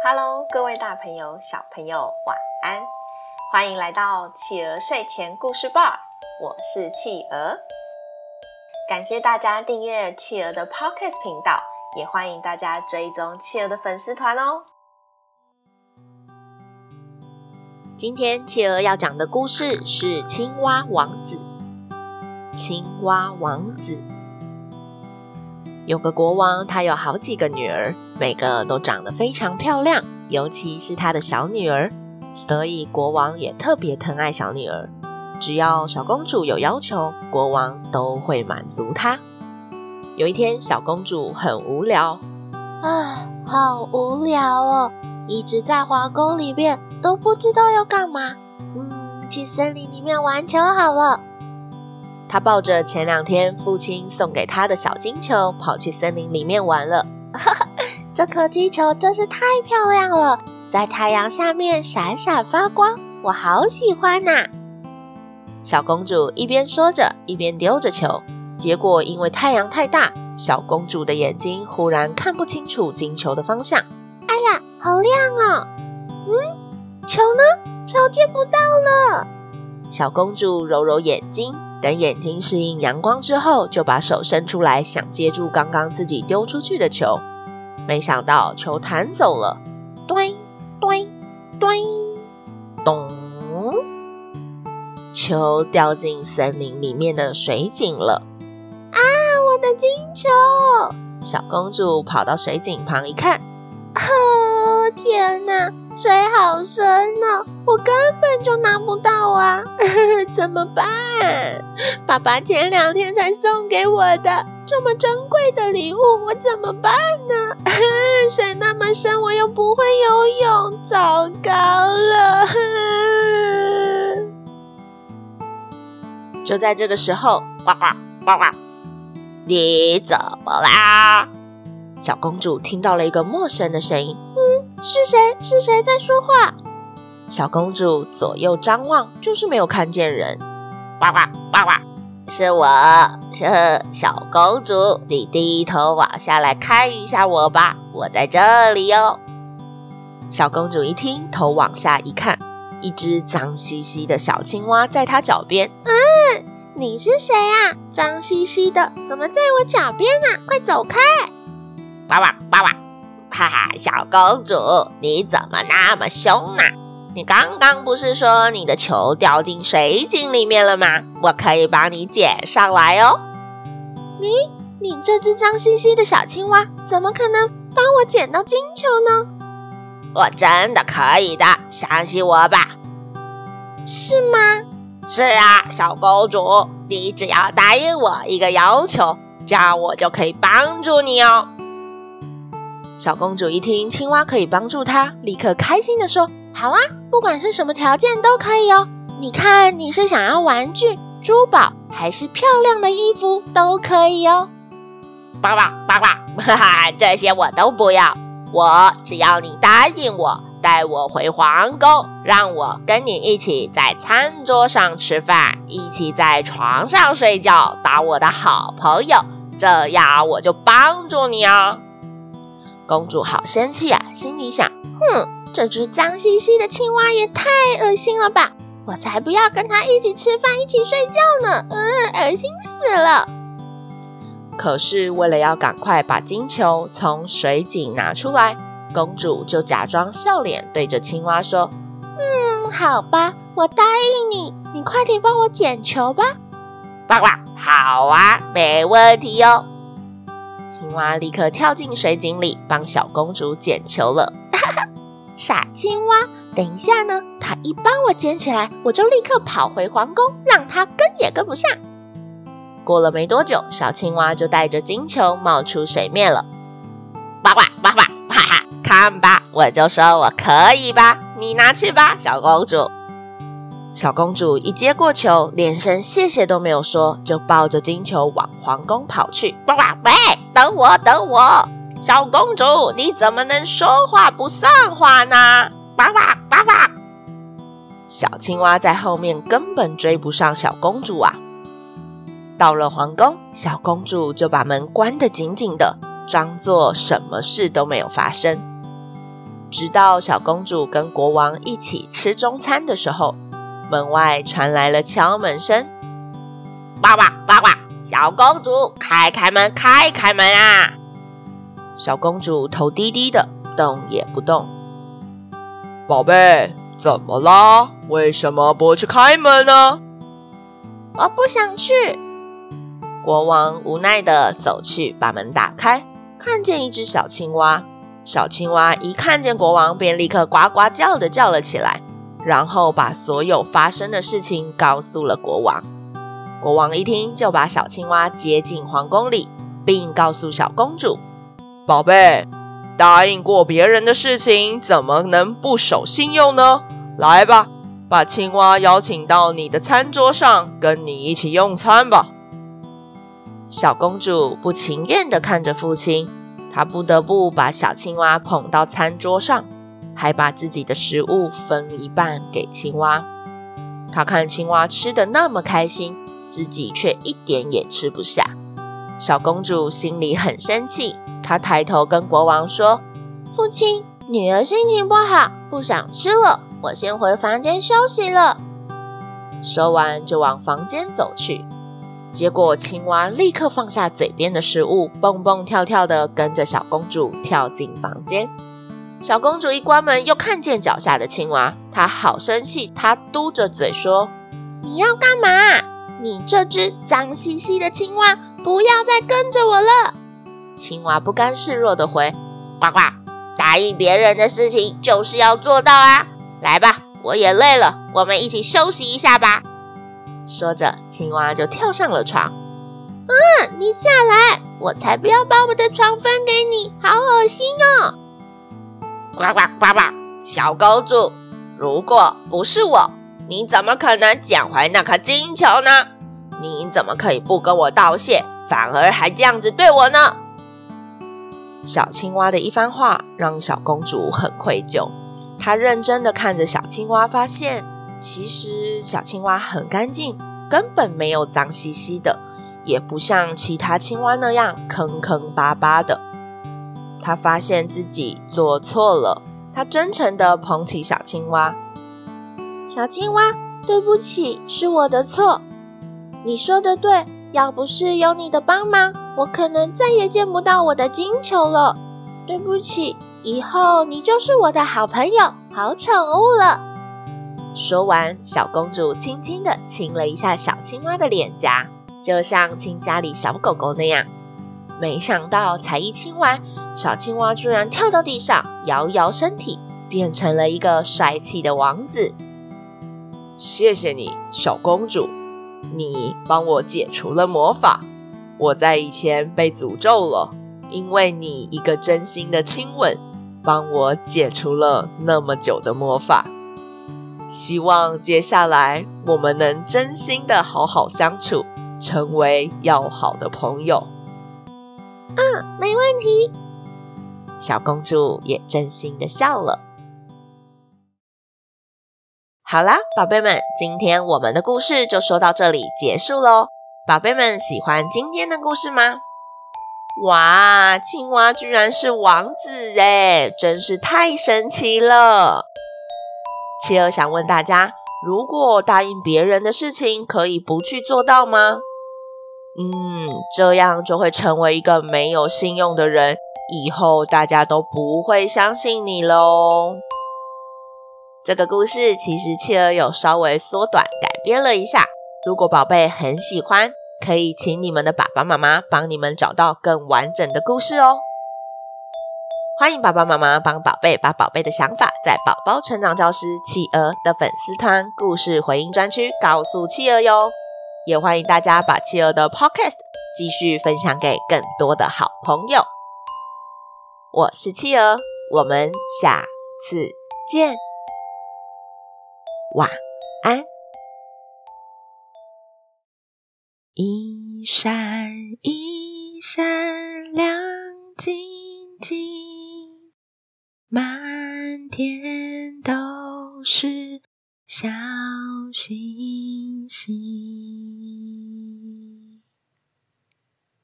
哈嘍，各位大朋友、小朋友，晚安！歡迎來到企鵝睡前故事吧，我是企鵝。感謝大家訂閱企鵝的 Podcast 頻道，也歡迎大家追蹤企鵝的粉絲團哦。今天企鵝要講的故事是青蛙王子《青蛙王子》。青蛙王子有個國王，他有好幾個女兒。每個都長得非常漂亮，尤其是她的小女兒，所以國王也特別疼愛小女兒。只要小公主有要求，國王都會滿足她。有一天，小公主很無聊，啊，好無聊哦！一直在皇宮裡面都不知道要幹嘛。嗯，去森林裡面玩球好了。她抱着前兩天父親送給她的小金球，跑去森林裡面玩了。 這顆金球真是太漂亮了，在太陽下面閃閃發光，我好喜歡吶、啊！小公主一邊說着，一邊丟着球。結果因為太陽太大，小公主的眼睛忽然看不清楚金球的方向。哎呀，好亮哦！嗯，球呢？球見不到了。小公主揉揉眼睛，等眼睛適應陽光之後，就把手伸出來想接住剛剛自己丟出去的球。沒想到球彈走了，咚咚咚！咚，球掉進森林裡面的水井了。啊，我的金球！小公主跑到水井旁一看，呵，天哪，水好深吶，我根本就拿不到啊！ 怎麼辦？爸爸前兩天才送給我的。這麼珍貴的禮物，我怎麼辦呢？水那麼深，我又不會游泳，糟糕了！就在這個時候，呱呱呱呱，你怎麼啦？小公主聽到了一個陌生的聲音。嗯，是誰？是誰在說話？小公主左右張望，就是沒有看見人。呱呱呱呱。是我，是小公主，你低頭往下來看一下我吧，我在這裡喲、哦。小公主一聽，頭往下一看，一隻髒兮兮的小青蛙在她腳邊。嗯，你是誰呀、啊？髒兮兮的，怎麼在我腳邊啊？快走開！爸爸爸爸，哈哈，小公主，你怎麼那麼兇呢、啊？你剛剛不是說你的球掉進水井裡面了嗎？我可以幫你撿上來哦。你你這隻髒兮兮的小青蛙，怎麼可能幫我撿到金球呢？我真的可以的，相信我吧。是嗎？是啊，小公主，你只要答應我一個要求，這樣我就可以幫助你哦。小公主一聽青蛙可以幫助她，立刻開心地說：“好啊。”不管是什麼條件都可以哦。你看，你是想要玩具、珠寶，還是漂亮的衣服，都可以哦。爸爸，爸爸，哈哈，這些我都不要。我只要你答應我，帶我回皇宮，讓我跟你一起在餐桌上吃飯，一起在床上睡覺，當我的好朋友。這樣我就幫助你哦。公主好生氣啊，心裡想：哼。這隻髒兮兮的青蛙也太噁心了吧！我才不要跟它一起吃飯、一起睡覺呢！嗯，噁心死了。可是為了要趕快把金球從水井拿出來，公主就假裝笑臉對着青蛙說：“嗯，好吧，我答應你，你快點幫我撿球吧。”“棒棒，好啊，沒問題喲、哦。”青蛙立刻跳進水井裡幫小公主撿球了。 傻青蛙，等一下呢！他一幫我撿起來，我就立刻跑回皇宮，讓他跟也跟不上。過了沒多久，小青蛙就帶着金球冒出水面了。呱呱呱呱，哈哈！看吧，我就說我可以吧？你拿去吧，小公主。小公主一接過球，連聲謝謝都沒有說，就抱着金球往皇宮跑去。呱呱喂，等我，等我。小公主，你怎麼能說話不算話呢？爸爸，爸爸！小青蛙在後面根本追不上小公主啊！到了皇宮，小公主就把門關得緊緊的，裝作什麼事都沒有發生。直到小公主跟國王一起吃中餐的時候，門外傳來了敲門聲：“爸爸，爸爸！小公主，開開門，開開門啊！”小公主頭低低的，動也不動。寶貝，怎麼啦？為什麼不去開門呢、啊？我不想去。國王無奈的走去，把門打開，看見一隻小青蛙。小青蛙一看見國王，便立刻呱呱叫的叫了起來，然後把所有發生的事情告訴了國王。國王一聽，就把小青蛙接進皇宮裡，並告訴小公主。寶貝，答應過別人的事情怎麼能不守信用呢？來吧，把青蛙邀請到你的餐桌上，跟你一起用餐吧。小公主不情願地看着父親，她不得不把小青蛙捧到餐桌上，還把自己的食物分一半給青蛙。她看青蛙吃得那麼開心，自己卻一點也吃不下。小公主心裡很生氣。她抬頭跟國王說：“父親，女兒心情不好，不想吃了，我先回房間休息了。”說完就往房間走去。結果青蛙立刻放下嘴邊的食物，蹦蹦跳跳的跟着小公主跳進房間。小公主一關門，又看見腳下的青蛙，她好生氣，她嘟着嘴說：“你要幹嘛？你這隻髒兮兮的青蛙，不要再跟着我了。”青蛙不甘示弱地回：“呱呱，答應別人的事情就是要做到啊！來吧，我也累了，我們一起休息一下吧。”說着，青蛙就跳上了床。“嗯，你下來，我才不要把我的床分給你，好惡心哦！”呱呱呱呱，小公主，如果不是我，你怎麼可能撿回那顆金球呢？你怎麼可以不跟我道謝，反而還這樣子對我呢？小青蛙的一番話讓小公主很愧疚，她認真地看着小青蛙，發現其實小青蛙很乾淨，根本沒有髒兮兮的，也不像其他青蛙那樣坑坑巴巴的。她發現自己做錯了，她真誠地捧起小青蛙：“小青蛙，對不起，是我的錯。你說得對。”要不是有你的幫忙，我可能再也見不到我的金球了。對不起，以後你就是我的好朋友、好寵物了。說完，小公主輕輕地親了一下小青蛙的臉頰，就像親家裡小狗狗那樣。沒想到才一親完，小青蛙居然跳到地上，搖一搖身體，變成了一個帥氣的王子。謝謝你，小公主。你幫我解除了魔法，我在以前被詛咒了，因為你一個真心的親吻，幫我解除了那麼久的魔法。希望接下來我們能真心的好好相處，成為要好的朋友。嗯、啊，沒問題。小公主也真心的笑了。好啦，寶貝們，今天我們的故事就說到這裡結束嘍。寶貝們，喜歡今天的故事嗎？哇，青蛙居然是王子耶，真是太神奇了！企鵝想問大家，如果答應別人的事情，可以不去做到嗎？嗯，這樣就會成為一個沒有信用的人，以後大家都不會相信你嘍。這個故事其實企鵝有稍微縮短改編了一下。如果寶貝很喜歡，可以請你們的爸爸媽媽幫你們找到更完整的故事哦。歡迎爸爸媽媽幫寶貝把寶貝的想法在寶寶成長教師企鵝的粉絲團故事回應專區告訴企鵝喲。也歡迎大家把企鵝的 podcast 繼續分享給更多的好朋友。我是企鵝，我們下次見。晚安，一閃一閃亮晶。